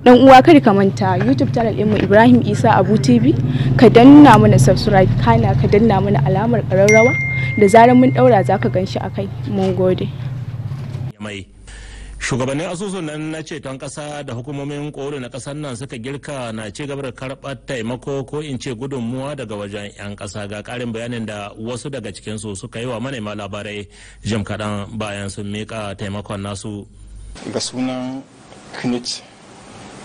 dan uwa kada ka manta youtube channel mu ibrahim isa abu tv ka danna mana subscribe kana ka danna mana alamar kararrawa da zarar mun daura za ka ganshi a kai mun gode shugabannin asusun nan na ceton kasa da hukumomin koro na kasar nan suka girka na ci gaba da karɓar taimako ko in ce gudunmuwa daga wajen 'yan kasa ga karin bayanin da wasu daga cikin su suka yi wa manema labarai jim kaɗan bayan sun mika taimakon nasu ga sunan knut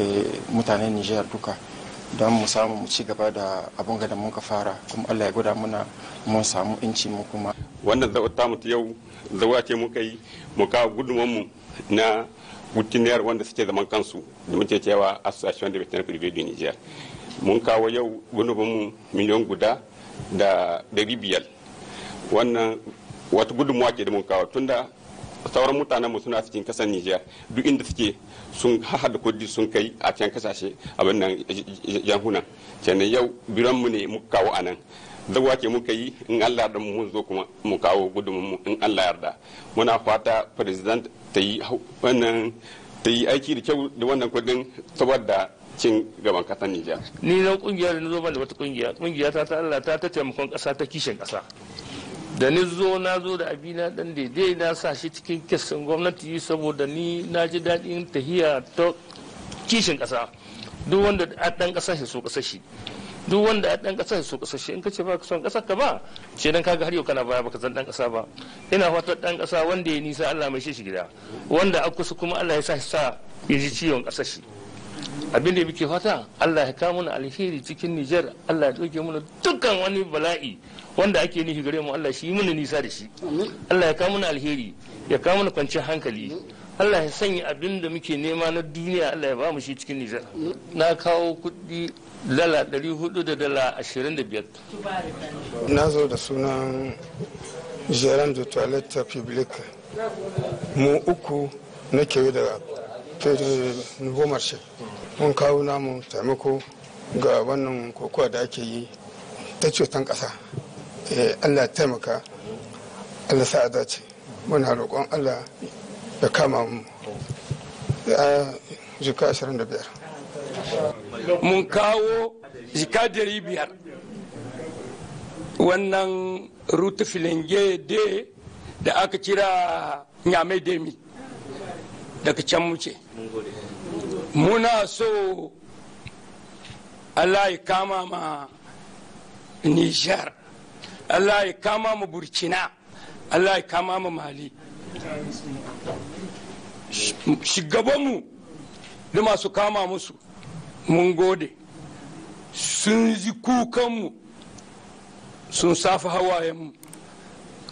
Eh, mutanen nijar duka don mu samu mu ci gaba da abun da muka fara kuma allah ya gwada muna mun samu inci mu kuma wannan zawata mutu yau zawa ce muka yi mu kawo gudunmu na gutiniyar wanda suke zaman kansu da muke cewa association da veterinary private du niger mun kawo yau gudunmu miliyan guda da dari biyar wannan wata gudunmuwa ke da mun kawo tunda sauran mutanen mu suna cikin kasar Nijar duk inda suke sun haɗa kudi sun kai a can kasashe abin nan yankuna kenan yau biran mu ne muka kawo anan zawa ke muka yi in Allah yarda mun zo kuma mu kawo gudunmu mu in Allah yarda muna fata president ta yi wannan ta yi aiki da kyau da wannan kudin saboda cin gaban kasar Nijar ni nan kungiyar ne zo ba da wata kungiya kungiya ta ta Allah ta ta taimakon kasa ta kishin kasa da ni zo na zo da abina dan daidai na sa shi cikin kisan gwamnati saboda ni na ji daɗin tahiya ta kishin ƙasa duk wanda a ɗan ƙasa shi so ƙasa shi duk wanda a ɗan ƙasa so shi in ka ce ba ka son ƙasa ka ba ce dan kaga har yau kana baya baka san ɗan ƙasa ba ina fatan ɗan ƙasa wanda ya nisa Allah mai shi gida wanda a kusa kuma Allah ya sa shi sa ya ji ciwon ƙasa shi abin da muke fata Allah ya kawo mana alheri cikin Nijar Allah ya doke mana dukkan wani bala'i wanda ake nufi gare mu Allah shi nisa da shi Allah ya kawo mana alheri ya kawo mana kwanciyar hankali Allah ya sanya abin da muke nema na duniya Allah ya ba mu shi cikin Nijar na kawo kuɗi dala ɗari da dala ashirin da na zo da sunan Gérant de toilette publique mu uku na kewaye da sai da marshe mun kawo namu taimako ga wannan kokowa da ake yi ta cutan ƙasa eh, allah taimaka allah sa dace muna roƙon allah ya kama mu ya jika 25 mun kawo jika biyar wannan rutu filinge da aka kira nyame demi daga can muke muna so allah ya kama ma nijar allah ya kama ma burkina allah ya kama ma mali shugabanmu da masu kama musu mun gode sun ji kukanmu sun safa safi hawayenmu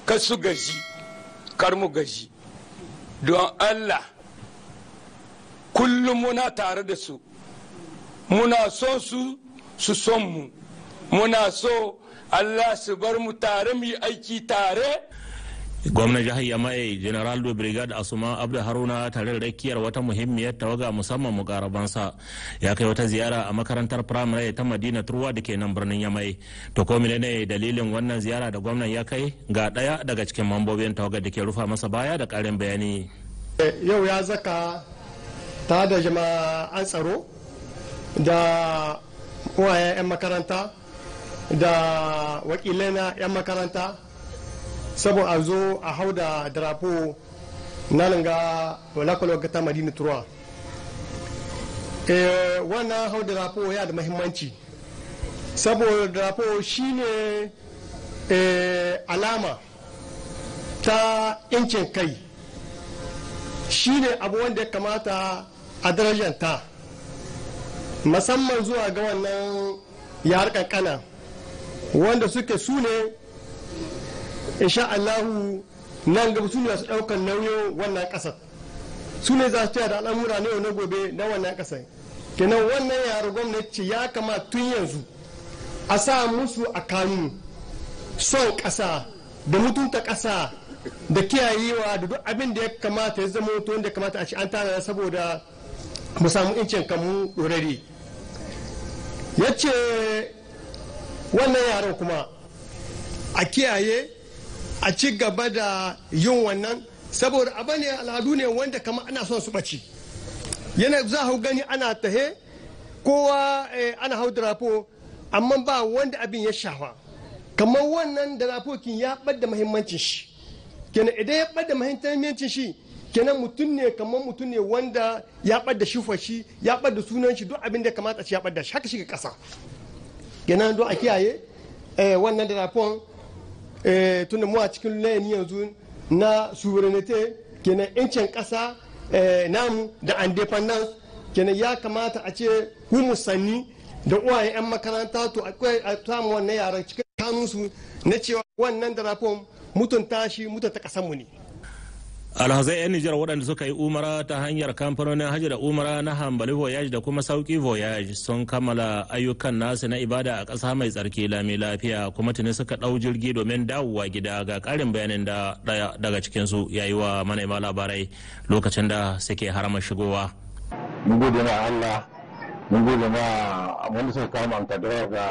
kasu gaji kar mu gaji don allah kullum muna tare da su muna so su su son mu muna so allah su bar mu tare mu yi aiki tare gwamnan jihar yamai general do brigade asuma abdul haruna tare da rakiyar wata muhimmiyar tawaga musamman mu mukarabansa ya kai wata ziyara a makarantar primary ta madina turwa da ke nan birnin yamai to ko ne dalilin wannan ziyara da gwamnan ya kai ga daya daga cikin mambobin tawagar da ke rufa masa baya da karin bayani eh, yau ya zaka ta da jama'an tsaro da uwaye 'yan makaranta da wakilai na 'yan makaranta saboda a zo a hau da drapo na langa walakwalwa ta madina turuwa eh, wannan hau drapo ya da mahimmanci saboda drapo ne eh, alama ta 'yancin kai shi ne abu wanda ya kamata a darajanta musamman zuwa ga wannan yar kankana wanda suke su ne insha Allahu nan gaba su ne su ɗaukar nauyo wannan ƙasar su ne za su da al'amura ne na gobe na wannan ƙasar kenan wannan yaro gwamnati ya kama tun yanzu a sa musu a kanu son ƙasa da mutunta ƙasa da kiyayewa da duk abin da ya kamata ya zama wanda ya kamata a ci an tana saboda mu samu incin kamu ɗorari ya ce wannan yaron kuma a kiyaye a ci gaba da yin wannan saboda abu ne al'adu ne wanda kama ana son su ɓaci yana za hau gani ana tahe kowa eh, ana hau drapo amma ba wanda abin ya shafa kamar wannan rafokin ya ɓadda mahimmancin shi kenan idan ya ɓadda mahimmancin shi kenan mutum ne kamar mutum ne wanda ya bada shifar shi ya bada sunan shi duk abin da kamata shi ya bada shi haka shi kasa ƙasa kenan don a kiyaye eh, wannan da rafon eh, tunda mu a cikin layani yanzu na sovereignty kenan incin ƙasa eh, namu da independence kenan ya kamata a ce ku musanni da uwaye 'yan makaranta to a samu wannan yaran cikin kanunsu na cewa wannan da rafon mutunta shi mutunta kasanmu ne alhazai 'yan nijar waɗanda suka yi umara ta hanyar kamfanonin hajji da umara na hambali voyage da kuma sauki voyage sun kammala ayyukan nasu na ibada a ƙasa mai tsarki lami lafiya kuma tuni suka ɗau jirgi domin dawowa gida ga ƙarin bayanin da daga cikinsu ya yi wa manema labarai lokacin da suke harama shigowa. mun gode na allah mun gode suka kama kadara ga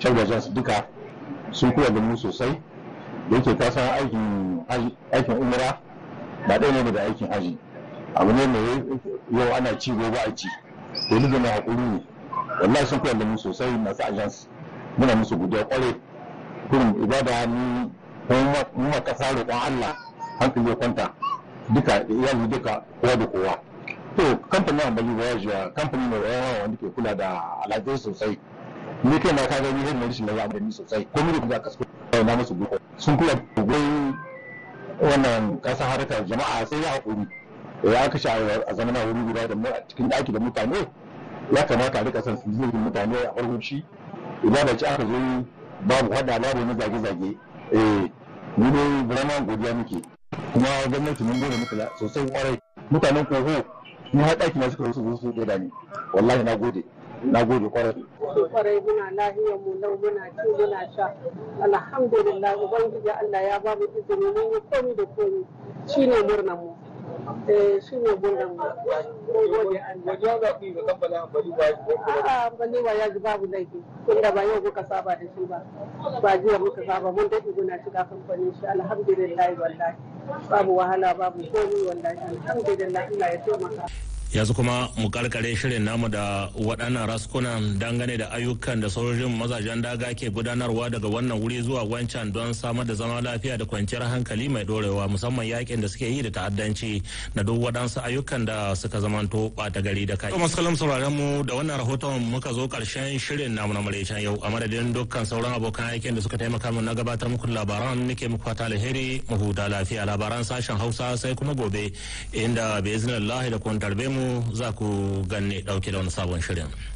su duka sun kula da mu sosai da yake kasan aikin umara ba ɗaya ne da aikin haji abu ne mai yau ana ci gobe a ci to yi na haƙuri ne wallahi sun koyar da mu sosai masu agents muna musu guda kwarai kurin ibada ni mu ma kasa roƙon Allah hankali ya kwanta duka iyali duka kowa da kowa to kamfanin ambali voyage kamfanin mai wayawa wanda ke kula da alaƙar sosai ni kai na ka gani irin na rashin lafiya da ni sosai ko mu da kuma kasko na musu godiya sun kula da goyi wannan kasa harkar jama'a sai ya haƙuri ya kashe a zamana wuri guda da cikin ɗaki da mutane ya kamata a rika son su mutane a farkoci idan da ci aka zo babu hada babu na zage-zage eh mu ne vraiment godiya muke kuma gwamnati mun gode muka sosai kwarai mutanen koho ni haɗa ki masu karusu su su da ni wallahi na gode na gode kwarai muke kwarai muna lahiyar mu lau muna ci muna sha alhamdulillah ubangiji Allah ya ba mu izini mun yi komi da komi shine murnar mu eh shine murnar mu gode Allah wajen za ku yi ga kammala ambali ba ya a'a ambali ba ya ji babu laifi tunda ba yau kuka saba da shi ba ba jiya muka saba mun dade muna shiga kamfanin shi alhamdulillah wallahi babu wahala babu komi wallahi alhamdulillah Allah ya taimaka yanzu kuma mu karkare shirin namu da waɗannan raskunan dangane da ayyukan da sojojin mazajen daga ke gudanarwa daga wannan wuri zuwa wancan don samar da zama lafiya da kwanciyar hankali mai dorewa musamman yakin da suke yi da ta'addanci da duk waɗansu ayyukan da suka zamanto ɓata gari da kai. Kuma salam sauraron mu da wannan rahoton muka zo karshen shirin namu na maraicen yau a madadin dukkan sauran abokan aikin da suka taimaka min na gabatar muku labaran nake muku fata alheri mu huta lafiya labaran sashen Hausa sai kuma gobe inda bezin da kun tarbe mu za ku ganne dauke da wani sabon shirin.